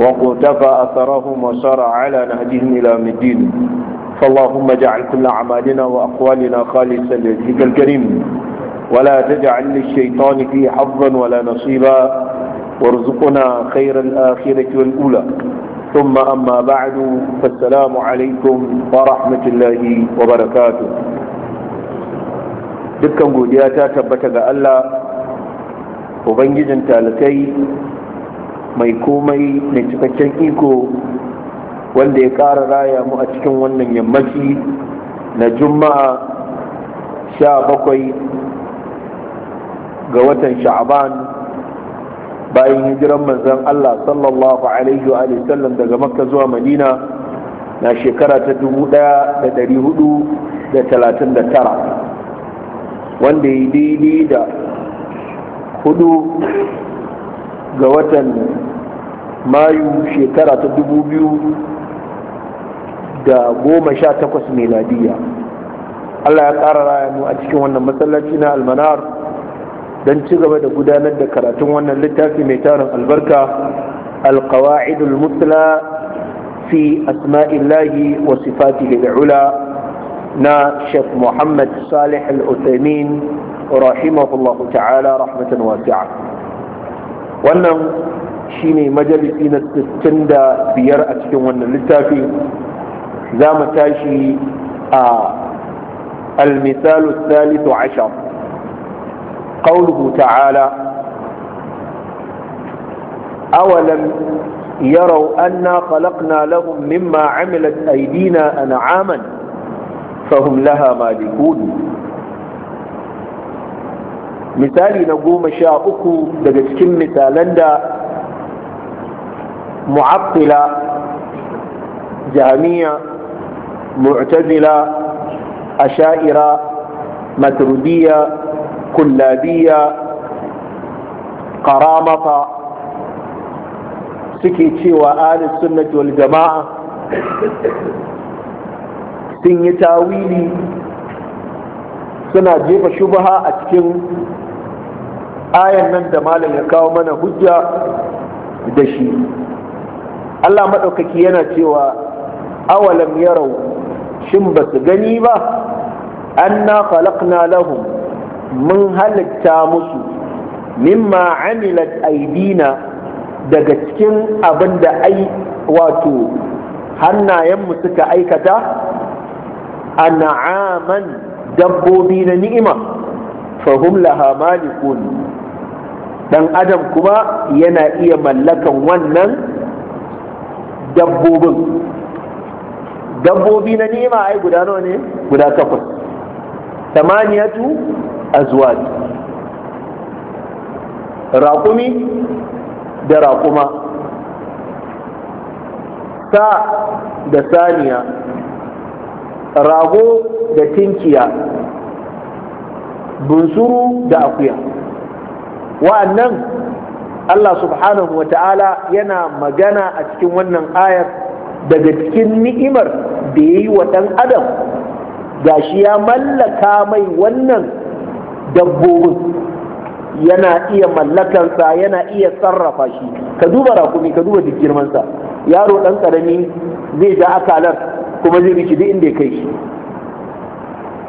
وقتفى أثرهم وسار على نهجهم إلى مدين فاللهم اجعل كل أعمالنا وأقوالنا خالصا لوجهك الكريم ولا تجعل للشيطان فيه حظا ولا نصيبا وارزقنا خير الآخرة والأولى ثم أما بعد فالسلام عليكم ورحمة الله وبركاته dukkan godiya تاتا tabbata ألا Allah Ubangijin لكي mai komai mai cikakken iko wanda ya ƙara raya mu a cikin wannan yammaci na juma'a sha bakwai ga watan sha'aban bayan hijiran manzan allah sallallahu alaihi wa sallam daga makka zuwa madina na shekara ta dubu ɗaya da da da tara, wanda ya daidai da hudu ga watan mayu shekara ta dubu biyu da goma sha takwas meladiya allah ya ƙara raya mu a cikin wannan masallaci na almanar don ci gaba da gudanar da karatun wannan littafi mai tarin albarka alkawa'idul mutla fi asma'illahi wa sifati da ula na shek muhammad salih al-uthaymin rahimahullahu ta'ala rahmatan wasi'a wannan shi ne majalisi na 65 a cikin wannan littafin, za mu tashi a almisalu salisu ashar ƙaunuhu ta'ala awalan yaro anna khalaqna lahum mimma amilat aidina an'aman fahum laha malikun misali na goma sha uku daga cikin misalan da معطلة جهمية معتزلة أشائرة مترودية كلابية قرامطة سكيتشي وآل السنة والجماعة سن يتاويلي سنة جيب شبهة أتكن آية من دمال يكاومن هجة دشي Allah maɗaukaki yana cewa awalam yarau shin ba su gani ba anna khalaqna lahum mun halitta musu mimma amilat aidina daga cikin abin da ai wato hannayenmu suka aikata an'aman dabbobi na ni'ima fahum laha malikun dan adam kuma yana iya mallakan wannan dabbobin dabbobi na nema ai guda nawa ne guda takwas tamaniyatu azwaj raƙumi da raƙuma sa da saniya rago da tinkiya bunsuru da akuya wa'annan Allah subhanahu wa ta'ala yana magana a cikin wannan ayar daga cikin ni'imar da ya yi wa ɗan adam Ga shi ya mallaka mai wannan dabbobin yana iya mallakansa yana iya sarrafa shi ka duba rakumi ka duba duk girmansa yaro ɗan ƙarami zai ja akalar kuma zai rikici inda ya kai shi